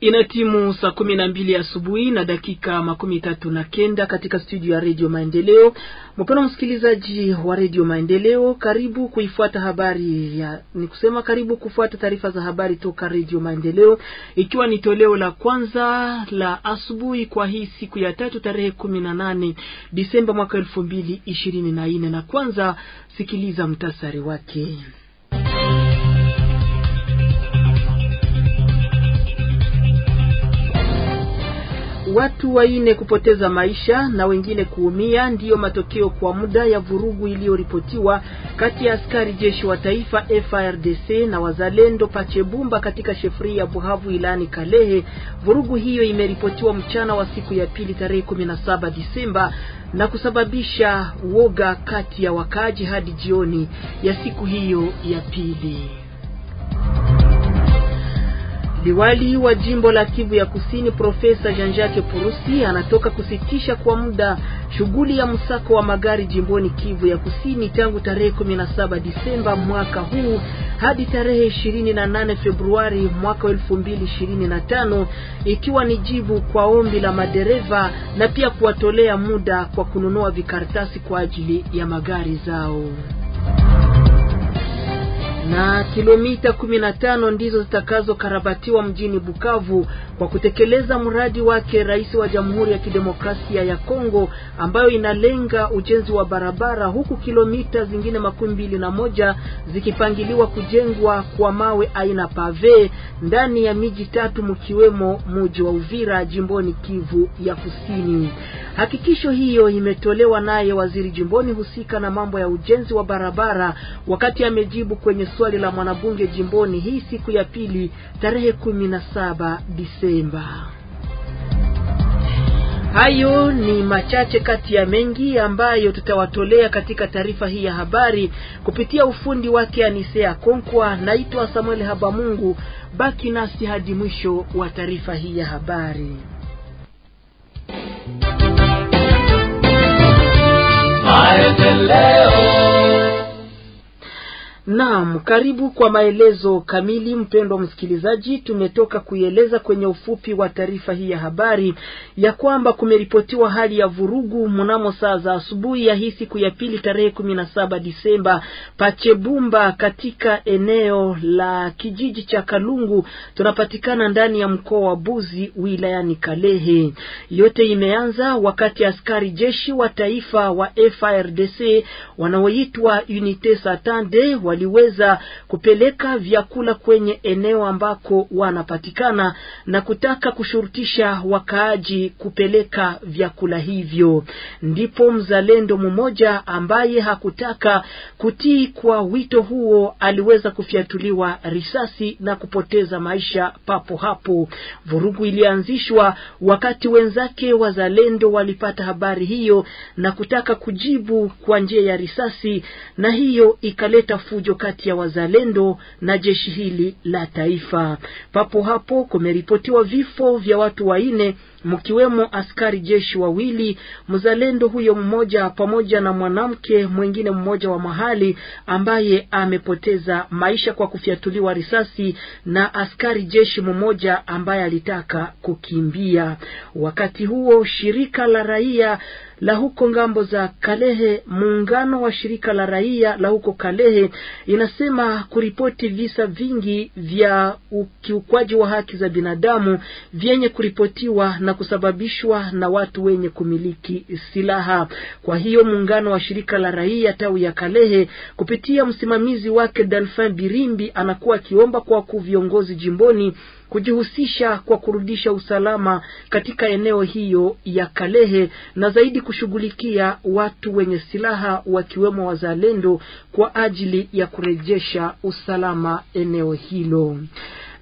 Ina timu saa kumi na mbili asubuhi na dakika makumi tatu na kenda katika studio ya redio Maendeleo. Mpendwa msikilizaji wa redio Maendeleo, karibu kuifuata habari ya ni kusema karibu kufuata taarifa za habari toka redio Maendeleo, ikiwa ni toleo la kwanza la asubuhi kwa hii siku ya tatu tarehe kumi na nane Disemba mwaka elfu mbili ishirini na nne na kwanza sikiliza mtasari wake. Watu waine kupoteza maisha na wengine kuumia ndiyo matokeo kwa muda ya vurugu iliyoripotiwa kati ya askari jeshi wa taifa frdc na wazalendo Pachebumba katika shefri ya Buhavu ilani Kalehe. Vurugu hiyo imeripotiwa mchana wa siku ya pili tarehe 17 Disemba na kusababisha woga kati ya wakaaji hadi jioni ya siku hiyo ya pili. Liwali wa jimbo la Kivu ya Kusini Profesa Jean-Jacques Purusi anatoka kusitisha kwa muda shughuli ya msako wa magari jimboni Kivu ya Kusini tangu tarehe 17 Disemba mwaka huu hadi tarehe 28 Februari mwaka 2025 ikiwa ni jibu kwa ombi la madereva na pia kuwatolea muda kwa kununua vikaratasi kwa ajili ya magari zao na kilomita 15 ndizo zitakazokarabatiwa mjini Bukavu kwa kutekeleza mradi wake rais wa Jamhuri ya Kidemokrasia ya Kongo ambayo inalenga ujenzi wa barabara huku kilomita zingine makumi mbili na moja zikipangiliwa kujengwa kwa mawe aina pave ndani ya miji tatu mkiwemo muji wa Uvira jimboni Kivu ya Kusini. Hakikisho hiyo imetolewa naye waziri jimboni husika na mambo ya ujenzi wa barabara wakati amejibu kwenye swali la mwanabunge jimboni hii siku ya pili tarehe 17 Disemba. Hayo ni machache kati ya mengi ambayo tutawatolea katika taarifa hii ya habari kupitia ufundi wake Anisea Konkwa. Naitwa Samuel Habamungu, baki nasi hadi mwisho wa taarifa hii ya habari. Maendeleo. Naam, karibu kwa maelezo kamili, mpendwa msikilizaji. Tumetoka kuieleza kwenye ufupi wa taarifa hii ya habari ya kwamba kumeripotiwa hali ya vurugu mnamo saa za asubuhi ya hii siku ya pili tarehe kumi na saba Disemba Pachebumba katika eneo la kijiji cha Kalungu, tunapatikana ndani ya mkoa wa Buzi wilayani Kalehe. Yote imeanza wakati askari jeshi wa taifa wa frdc wanaoitwa Unité Satande waliweza kupeleka vyakula kwenye eneo ambako wanapatikana na kutaka kushurutisha wakaaji kupeleka vyakula hivyo. Ndipo mzalendo mmoja ambaye hakutaka kutii kwa wito huo aliweza kufyatuliwa risasi na kupoteza maisha papo hapo. Vurugu ilianzishwa wakati wenzake wazalendo walipata habari hiyo na kutaka kujibu kwa njia ya risasi, na hiyo ikaleta fujo mkojo kati ya wazalendo na jeshi hili la taifa. Papo hapo kumeripotiwa vifo vya watu waine mkiwemo askari jeshi wawili, mzalendo huyo mmoja pamoja na mwanamke mwingine mmoja wa mahali ambaye amepoteza maisha kwa kufyatuliwa risasi na askari jeshi mmoja ambaye alitaka kukimbia. Wakati huo shirika la raia la huko ngambo za Kalehe, muungano wa shirika la raia la huko Kalehe inasema kuripoti visa vingi vya ukiukwaji wa haki za binadamu vyenye kuripotiwa na kusababishwa na watu wenye kumiliki silaha. Kwa hiyo muungano wa shirika la raia tawi ya Kalehe kupitia msimamizi wake Delphin Birimbi anakuwa akiomba kwa viongozi jimboni kujihusisha kwa kurudisha usalama katika eneo hiyo ya Kalehe na zaidi kushughulikia watu wenye silaha wakiwemo wazalendo kwa ajili ya kurejesha usalama eneo hilo.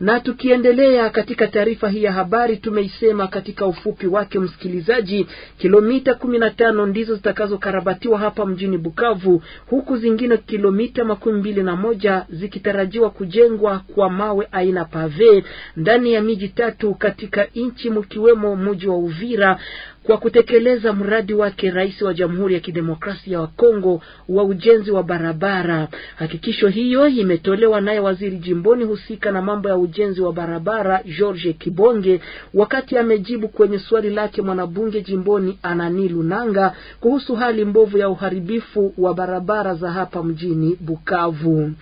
Na tukiendelea katika taarifa hii ya habari, tumeisema katika ufupi wake, msikilizaji, kilomita kumi na tano ndizo zitakazokarabatiwa hapa mjini Bukavu, huku zingine kilomita makumi mbili na moja zikitarajiwa kujengwa kwa mawe aina pave ndani ya miji tatu katika nchi mkiwemo mji wa Uvira kwa kutekeleza mradi wake rais wa Jamhuri ya Kidemokrasia wa Kongo wa ujenzi wa barabara. Hakikisho hiyo imetolewa naye waziri jimboni husika na mambo ya ujenzi wa barabara George Kibonge wakati amejibu kwenye swali lake mwanabunge jimboni Anani Lunanga kuhusu hali mbovu ya uharibifu wa barabara za hapa mjini Bukavu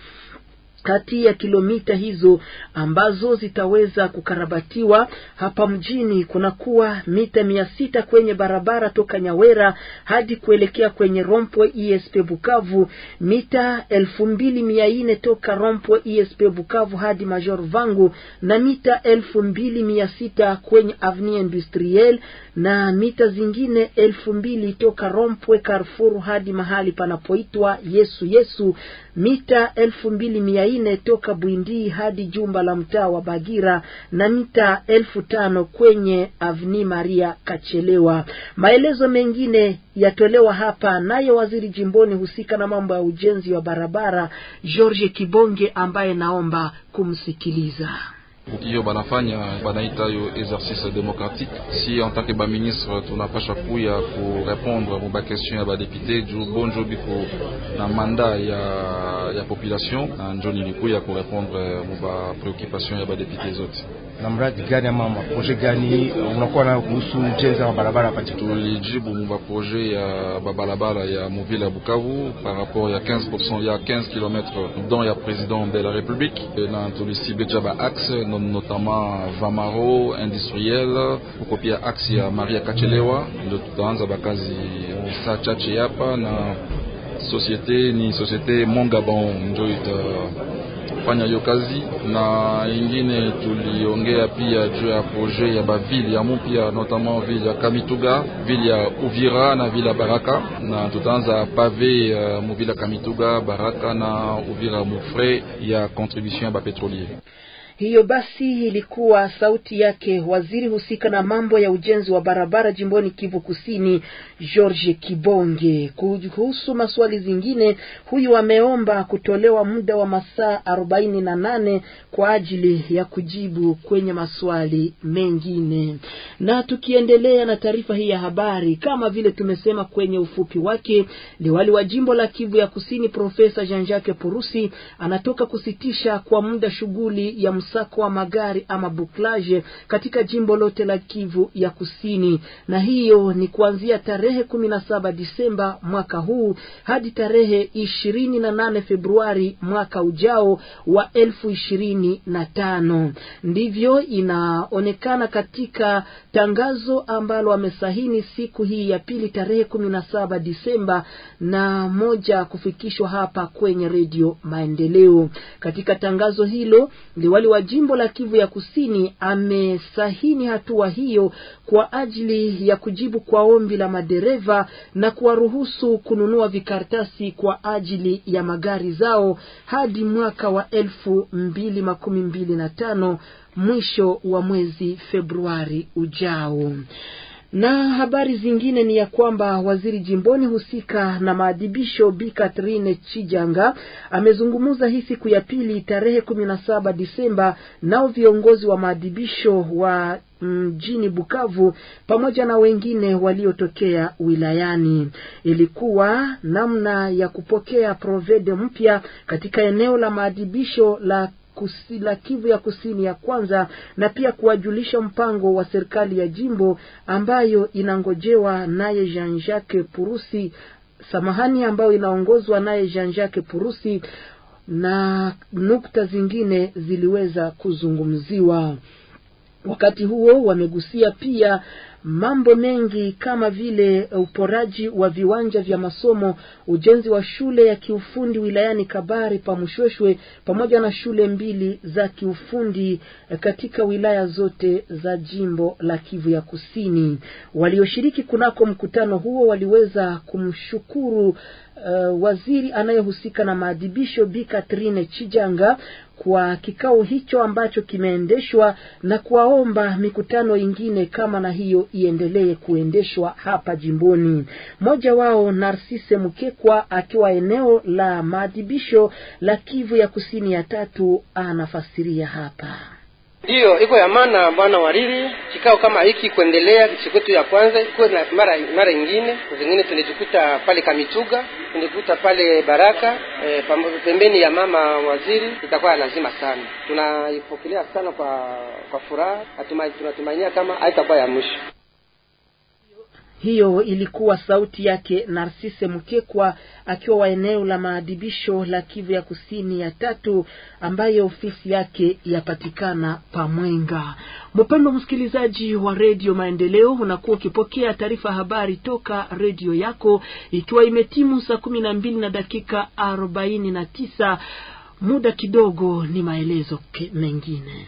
kati ya kilomita hizo ambazo zitaweza kukarabatiwa hapa mjini kunakuwa mita mia sita kwenye barabara toka Nyawera hadi kuelekea kwenye rompo ISP e Bukavu, mita elfu mbili mia nne toka rompo ISP e Bukavu hadi Major Vangu, na mita elfu mbili mia sita kwenye Avenue Industrielle na mita zingine elfu mbili toka rompwe Carrefour hadi mahali panapoitwa Yesu Yesu mita elfu mbili mia nne toka Bwindi hadi jumba la mtaa wa Bagira na mita elfu tano kwenye Avni Maria Kachelewa. Maelezo mengine yatolewa hapa naye waziri jimboni husika na mambo ya ujenzi wa barabara George Kibonge ambaye naomba kumsikiliza. hiyo banafanya banaita yo exercice démocratique si en tant que baministre tunapasha kuya kurepondre mu question ya badepute ju bonjo biko na manda ya, ya population na njo nilikuya kurepondre mu préoccupation ya badepute zote. na mradi gani ama projet gani unakuwa nayo kuhusu ujenzi wa barabara hapa? Tulijibu mu maproje ya babarabara ya muvile ya Bukavu par rapport ya 15% ya 15 km dont ya président de la République na tulisibeja ba axe notamment Vamaro, industriel, kupitia aksi Axia Maria Kachelewa ndio tutaanza bakazi sa chache hapa, na société ni société Mongabon ndio itafanya hiyo kazi, na ingine tuliongea pia juu ya projet ya bavili ya mupya, notamment ville ya Kamituga, ville ya Uvira na ville ya Baraka, na tutaanza pave uh, ville ya Kamituga, Baraka na Uvira mufre ya contribution ya pétrolier Hiyo basi ilikuwa sauti yake waziri husika na mambo ya ujenzi wa barabara jimboni Kivu Kusini, George Kibonge. Kuhusu maswali zingine, huyu ameomba kutolewa muda wa masaa arobaini na nane kwa ajili ya kujibu kwenye maswali mengine. Na tukiendelea na taarifa hii ya habari, kama vile tumesema kwenye ufupi wake, liwali wa jimbo la Kivu ya Kusini Profesa Jean Jacques Purusi anatoka kusitisha kwa muda shughuli ya msako wa magari ama buklaje katika jimbo lote la Kivu ya Kusini, na hiyo ni kuanzia tarehe 17 Disemba mwaka huu hadi tarehe 28 Februari mwaka ujao wa elfu ishirini na tano. Ndivyo inaonekana katika tangazo ambalo amesahini siku hii ya pili tarehe 17 saba Disemba na moja kufikishwa hapa kwenye Redio Maendeleo. Katika tangazo hilo liwali wa jimbo la Kivu ya Kusini amesahini hatua hiyo kwa ajili ya kujibu kwa ombi la madereva na kuwaruhusu kununua vikaratasi kwa ajili ya magari zao hadi mwaka wa elfu mbili makumi mbili na tano mwisho wa mwezi Februari ujao. Na habari zingine ni ya kwamba waziri jimboni husika na maadhibisho Bi Catherine Chijanga amezungumza hii siku ya pili tarehe kumi na saba Disemba nao viongozi wa maadhibisho wa mjini Bukavu pamoja na wengine waliotokea wilayani. Ilikuwa namna ya kupokea provede mpya katika eneo la maadhibisho la kusi, la Kivu ya kusini ya kwanza na pia kuwajulisha mpango wa serikali ya jimbo ambayo inangojewa naye Jean Jacques Purusi samahani, ambayo inaongozwa naye Jean Jacques Purusi na nukta zingine ziliweza kuzungumziwa. Wakati huo wamegusia pia mambo mengi kama vile eh, uporaji wa viwanja vya masomo, ujenzi wa shule ya kiufundi wilayani Kabare Pamshweshwe, pamoja na shule mbili za kiufundi eh, katika wilaya zote za jimbo la Kivu ya Kusini. Walioshiriki kunako mkutano huo waliweza kumshukuru Uh, waziri anayehusika na maadhibisho Bi Catherine Chijanga kwa kikao hicho ambacho kimeendeshwa na kuwaomba mikutano ingine kama na hiyo iendelee kuendeshwa hapa jimboni. Mmoja wao Narsise Mkekwa akiwa eneo la maadhibisho la Kivu ya Kusini ya tatu anafasiria hapa ndiyo iko ya maana bwana wariri kikao kama hiki kuendelea siku yetu ya kwanza ikuwe na mara mara ingine zingine tunajikuta pale kamituga tunajikuta pale baraka e, pembeni ya mama waziri itakuwa lazima sana tunaipokelea sana kwa kwa furaha tunatumainia kama haitakuwa ya mwisho hiyo ilikuwa sauti yake Narsise Mkekwa akiwa wa eneo la maadhibisho la Kivu ya Kusini ya tatu ambayo ofisi yake yapatikana Pamwenga. Mpendwa msikilizaji wa Redio Maendeleo, unakuwa ukipokea taarifa habari toka redio yako ikiwa imetimu saa kumi na mbili na dakika arobaini na tisa. Muda kidogo ni maelezo mengine.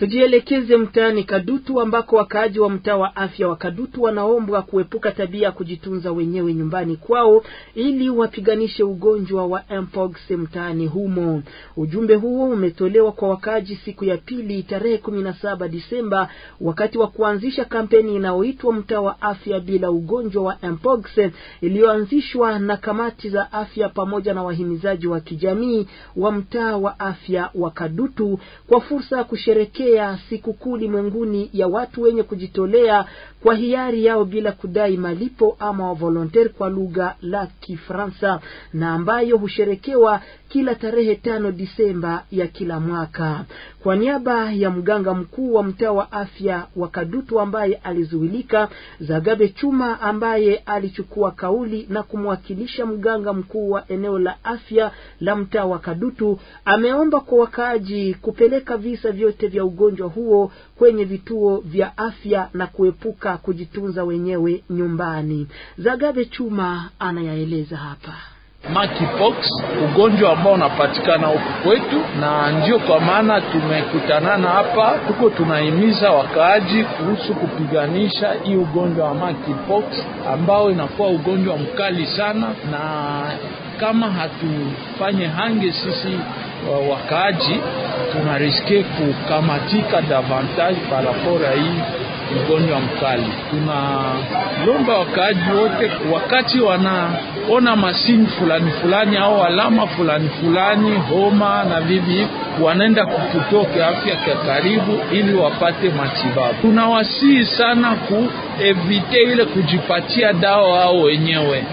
Tujielekeze mtaani Kadutu ambako wakaaji wa mtaa wa afya wa Kadutu wanaombwa kuepuka tabia ya kujitunza wenyewe nyumbani kwao ili wapiganishe ugonjwa wa mpox mtaani humo. Ujumbe huo umetolewa kwa wakaaji siku ya pili tarehe 17 Disemba wakati wa kuanzisha kampeni inayoitwa mtaa wa afya bila ugonjwa wa mpox iliyoanzishwa na kamati za afya pamoja na wahimizaji wa kijamii wa mtaa wa afya wa Kadutu kwa fursa ya kusherekea kusherekea sikukuu ulimwenguni ya watu wenye kujitolea kwa hiari yao bila kudai malipo ama volontaire kwa lugha la Kifaransa na ambayo husherekewa kila tarehe tano Disemba ya kila mwaka. Kwa niaba ya mganga mkuu wa mtaa wa afya wa Kadutu ambaye alizuilika, Zagabe Chuma ambaye alichukua kauli na kumwakilisha mganga mkuu wa eneo la afya la mtaa wa Kadutu, ameomba kwa wakaaji kupeleka visa vyote vya ugonjwa huo kwenye vituo vya afya na kuepuka kujitunza wenyewe nyumbani. Zagabe Chuma anayaeleza hapa. Monkeypox ugonjwa ambao unapatikana huku kwetu, na ndio kwa maana tumekutanana hapa, tuko tunahimiza wakaaji kuhusu kupiganisha hii ugonjwa wa monkeypox ambao inakuwa ugonjwa mkali sana, na kama hatufanye hange sisi wakaaji tunariske kukamatika davantage parapora hii ugonjwa mkali. Tunalomba wakaaji wote, wakati wanaona mashini fulani fulani au alama fulani fulani, homa na vivi, wanaenda kituo cha afya karibu ili wapate matibabu. Tunawasihi sana kuevite ile kujipatia dawa ao wenyewe.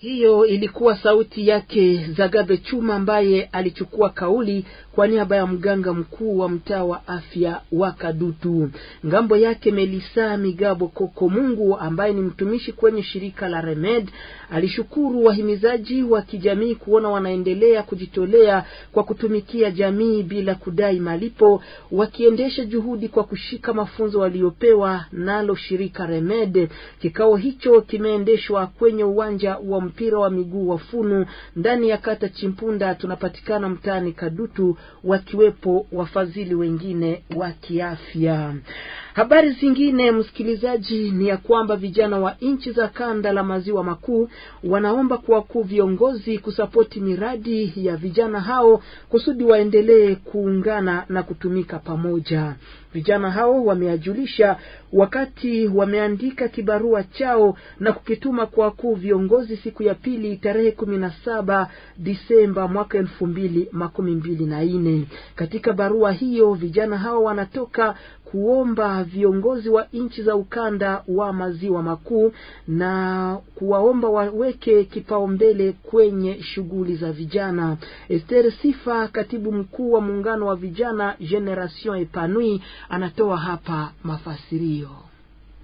Hiyo ilikuwa sauti yake Zagabe Chuma ambaye alichukua kauli kwa niaba ya mganga mkuu wa mtaa wa afya wa Kadutu. Ngambo yake Melisa Migabo Koko Mungu ambaye ni mtumishi kwenye shirika la Remed alishukuru wahimizaji wa kijamii kuona wanaendelea kujitolea kwa kutumikia jamii bila kudai malipo, wakiendesha juhudi kwa kushika mafunzo waliopewa nalo shirika Remed. Kikao hicho kimeendeshwa kwenye uwanja wa mpira wa miguu wa Funu ndani ya kata Chimpunda tunapatikana mtaani Kadutu, wakiwepo wafadhili wengine wa kiafya. Habari zingine msikilizaji, ni ya kwamba vijana wa nchi za kanda la maziwa makuu wanaomba kuwakuu viongozi kusapoti miradi ya vijana hao kusudi waendelee kuungana na kutumika pamoja. Vijana hao wameajulisha wakati wameandika kibarua chao na kukituma kwa wakuu viongozi siku ya pili tarehe kumi na saba Disemba mwaka elfu mbili makumi mbili na nne. Katika barua hiyo vijana hao wanatoka kuomba viongozi wa nchi za ukanda wa maziwa makuu na kuwaomba waweke kipaumbele kwenye shughuli za vijana. Esther Sifa, katibu mkuu wa muungano wa vijana Generation Epanui, anatoa hapa mafasirio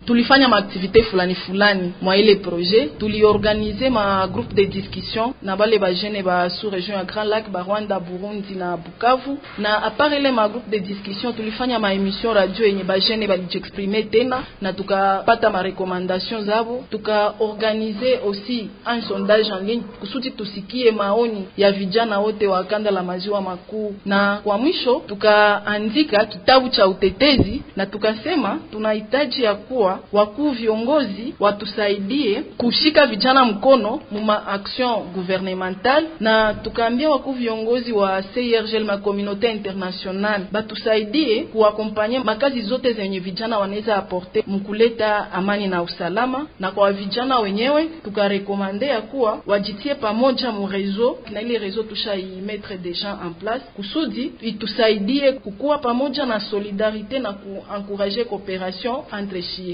tulifanya maaktivite fulani fulani mwa ile projet, tuliorganize ma groupe de discussion na bale bajene ba sous region ya Grand Lac ba Rwanda, Burundi na Bukavu. Na apart ile ma groupe de discussion, tulifanya ma emission radio yenye bajene balijiexprime tena na tukapata marekomandation zabo, tukaorganize aussi un sondage en ligne kusudi tusikie maoni ya vijana wote wa kanda la maziwa makuu, na kwa mwisho tukaandika kitabu cha utetezi na tukasema tunahitaji ya kuwa wakuu viongozi watusaidie kushika vijana mkono muma action gouvernementale, na tukaambia wakuu viongozi wa CIRGL ma communauté internationale batusaidie kuakompanye makazi zote zenye vijana wanaweza aporte mkuleta amani na usalama. Na kwa vijana wenyewe tukarekomande ya kuwa wajitie pamoja mu rezo, na ile rezo tushaimetre deja en place kusudi itusaidie kukuwa pamoja na solidarité na kuencourager coopération entre shie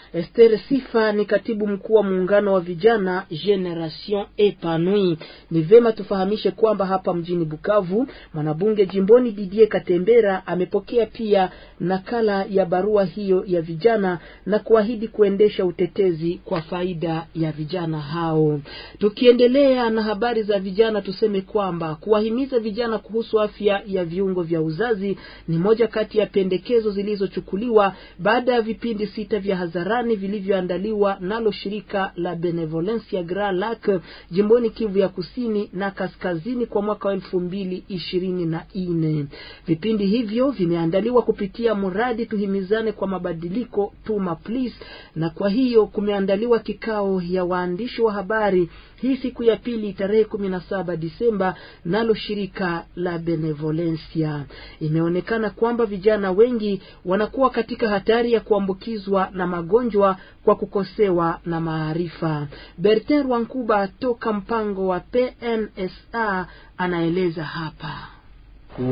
Esther Sifa ni katibu mkuu wa muungano wa vijana Generation Epanui. Ni vema tufahamishe kwamba hapa mjini Bukavu mwanabunge jimboni Didier Katembera amepokea pia nakala ya barua hiyo ya vijana na kuahidi kuendesha utetezi kwa faida ya vijana hao. Tukiendelea na habari za vijana, tuseme kwamba kuwahimiza vijana kuhusu afya ya viungo vya uzazi ni moja kati ya pendekezo zilizochukuliwa baada ya vipindi sita vya hadhara fulani vilivyoandaliwa nalo shirika la Benevolencia Grand Lac jimboni Kivu ya kusini na kaskazini kwa mwaka wa elfu mbili ishirini na nne. Vipindi hivyo vimeandaliwa kupitia mradi Tuhimizane kwa Mabadiliko Tuma Please, na kwa hiyo kumeandaliwa kikao ya waandishi wa habari hii siku ya pili tarehe kumi na saba Disemba, nalo shirika la Benevolencia. Imeonekana kwamba vijana wengi wanakuwa katika hatari ya kuambukizwa na magonjwa wagonjwa kwa kukosewa na maarifa. Bertin Rwankuba toka mpango wa PNSA anaeleza hapa.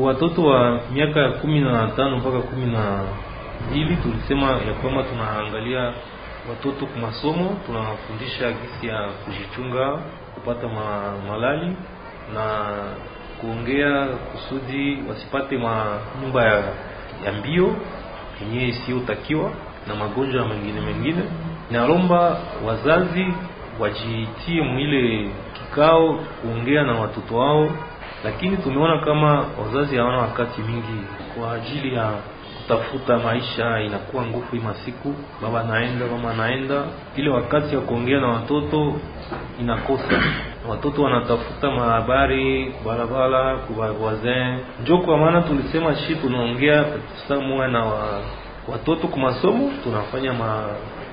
Watoto wa miaka kumi na tano mpaka kumi na mbili tulisema ya kwamba tunaangalia watoto kwa masomo, tunawafundisha gisi ya kujichunga, kupata ma, malali na kuongea kusudi wasipate manyumba ya, ya mbio yenyewe isiyotakiwa na magonjwa mengine mengine naomba wazazi wajitie mwile kikao kuongea na watoto wao lakini tumeona kama wazazi hawana wakati mingi kwa ajili ya kutafuta maisha inakuwa ngufu masiku baba naenda mama naenda ile wakati ya kuongea na watoto inakosa watoto wanatafuta mahabari barabara kwa wazee njo kwa maana tulisema shi tunaongea saa na wa watoto kwa masomo tunafanya ma,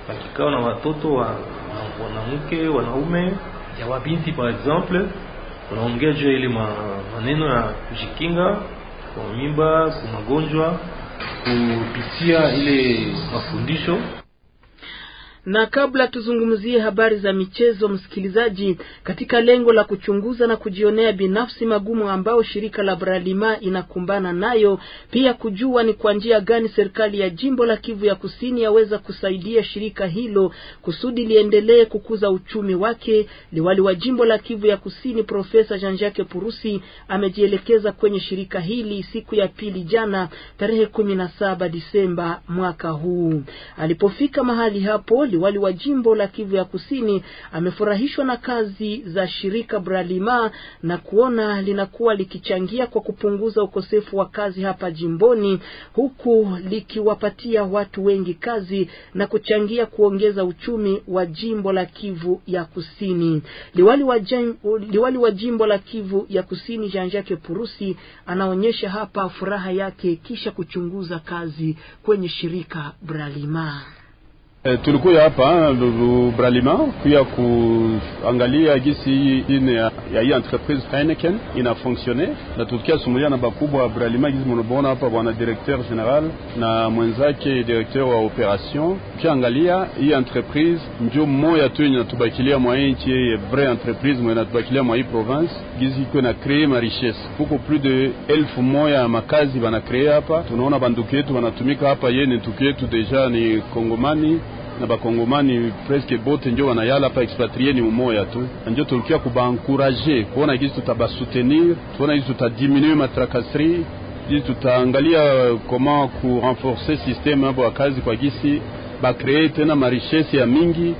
makikao na watoto wa, wanamke wanaume ya wabinti par exemple unaongea juu ile ma, maneno ya kujikinga kwa mimba kwa magonjwa kupitia ile mafundisho na kabla tuzungumzie habari za michezo, msikilizaji, katika lengo la kuchunguza na kujionea binafsi magumu ambayo shirika la Bralima inakumbana nayo, pia kujua ni kwa njia gani serikali ya jimbo la Kivu ya Kusini yaweza kusaidia shirika hilo kusudi liendelee kukuza uchumi wake, liwali wa jimbo la Kivu ya Kusini Profesa Jean-Jacques Purusi amejielekeza kwenye shirika hili siku ya pili jana, tarehe 17 Disemba mwaka huu. Alipofika mahali hapo Liwali wa jimbo la Kivu ya Kusini amefurahishwa na kazi za shirika Bralima na kuona linakuwa likichangia kwa kupunguza ukosefu wa kazi hapa jimboni, huku likiwapatia watu wengi kazi na kuchangia kuongeza uchumi wa jimbo la Kivu ya Kusini. Liwali wa, jen, liwali wa jimbo la Kivu ya Kusini Jean-Jacques Purusi anaonyesha hapa furaha yake kisha kuchunguza kazi kwenye shirika Bralima. E, eh, tulikuya hapa eh, Bralima kuya kuangalia gisi ine ya, hii entreprise Heineken inafonksione, na tulikia sumulia na bakubwa wa Bralima gisi munaboona hapa, bwana directeur general na mwenzake directeur wa operation. ukiangalia hii entreprise njo moya tu yenye natubakilia mwa nchi ye vrai entreprise mwenye natubakilia mwa hii province gisi iko na kree ma richesse, kuko plus de elfu moya ya makazi banakree hapa. Tunaona banduku yetu banatumika hapa, ye ni nduku yetu deja ni Kongomani na bakongomani presque bote njo wanayala pa expatrie ni umoya tu, na njo tulikia kubankuraje kuona gizi tutabasutenir, tuona gizi tutadiminue matrakasri gizi tutaangalia koma kurenforce systeme yabo ya kazi kwa gisi bakree tena marishesi ya mingi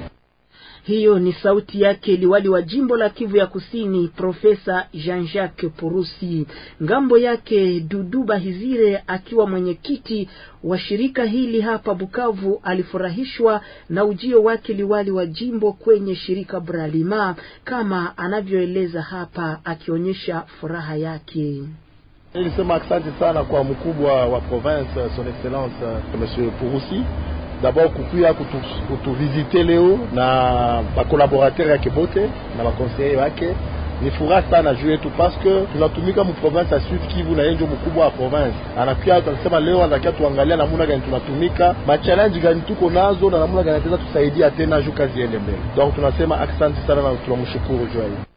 hiyo ni sauti yake liwali wa jimbo la Kivu ya Kusini, Profesa Jean-Jacques Purusi. Ngambo yake Duduba Hizire akiwa mwenyekiti wa shirika hili hapa Bukavu, alifurahishwa na ujio wake liwali wa jimbo kwenye shirika Bralima, kama anavyoeleza hapa, akionyesha furaha yake. Nilisema asante sana kwa mkubwa wa province, son excellence monsieur Purusi d'abord kukuya kutuvizite kutu leo na bakolaborateur yake bote na bakonseye wake ni furaha sana juu yetu paske tunatumika muprovince ya Sud Kivu na yenjo mkubwa wa province anakia tunasema leo anatakia tuangalia namuna gani tunatumika machallenge gani tuko nazo na namuna gani ataweza tusaidia tena juu kazi iende mbele. Donc tunasema asante sana na tunamshukuru juu hii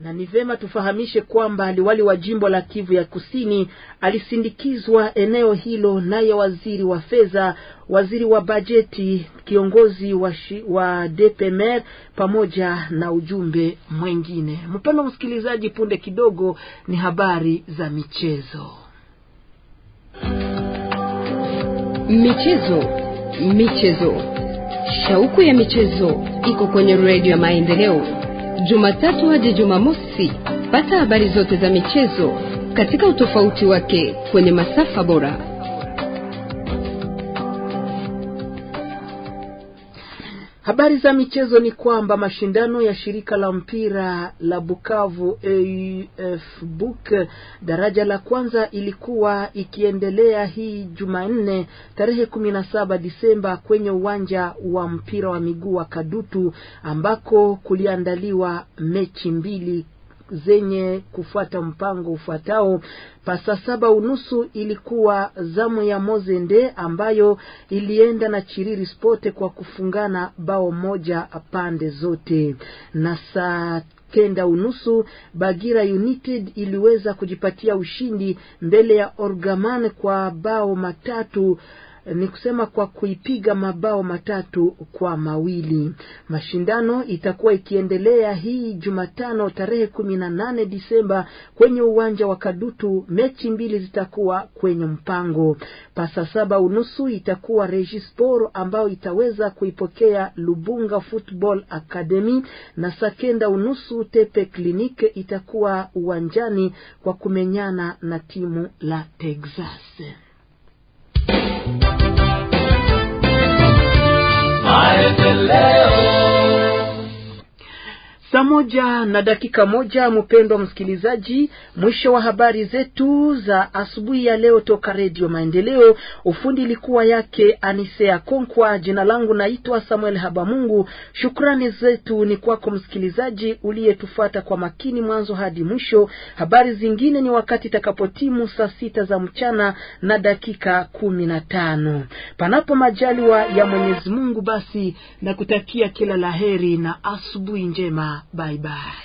na ni vema tufahamishe kwamba liwali wa jimbo la Kivu ya Kusini alisindikizwa eneo hilo, naye waziri wa fedha, waziri wa bajeti, kiongozi wa, shi, wa DPMR pamoja na ujumbe mwengine. Mpendwa msikilizaji, punde kidogo ni habari za michezo. Michezo, michezo, shauku ya michezo iko kwenye redio ya Maendeleo Jumatatu hadi Jumamosi. Pata habari zote za michezo katika utofauti wake kwenye masafa bora. Habari za michezo ni kwamba mashindano ya shirika la mpira la Bukavu AF Buk daraja la kwanza ilikuwa ikiendelea hii Jumanne tarehe kumi na Disemba kwenye uwanja wa mpira wa miguu wa Kadutu ambako kuliandaliwa mechi mbili zenye kufuata mpango ufuatao. Pasa saba unusu ilikuwa zamu ya Mozende ambayo ilienda na Chiriri Spote kwa kufungana bao moja pande zote na saa kenda unusu Bagira United iliweza kujipatia ushindi mbele ya Orgaman kwa bao matatu ni kusema kwa kuipiga mabao matatu kwa mawili. Mashindano itakuwa ikiendelea hii Jumatano tarehe kumi na nane Disemba kwenye uwanja wa Kadutu. Mechi mbili zitakuwa kwenye mpango. Pasa saba unusu itakuwa Regispor ambayo itaweza kuipokea Lubunga Football Academy na saa kenda unusu Tepe Klinike itakuwa uwanjani kwa kumenyana na timu la Texas. Hallelujah. Saa moja na dakika moja, mpendwa msikilizaji, mwisho wa habari zetu za asubuhi ya leo toka Redio Maendeleo. Ufundi ilikuwa yake Anisea Konkwa, jina langu naitwa Samuel Habamungu. Shukrani zetu ni kwako msikilizaji uliyetufuata kwa makini mwanzo hadi mwisho. Habari zingine ni wakati itakapotimu saa sita za mchana na dakika kumi na tano, panapo majaliwa ya Mwenyezi Mungu. Basi nakutakia kila laheri na asubuhi njema. Bye bye.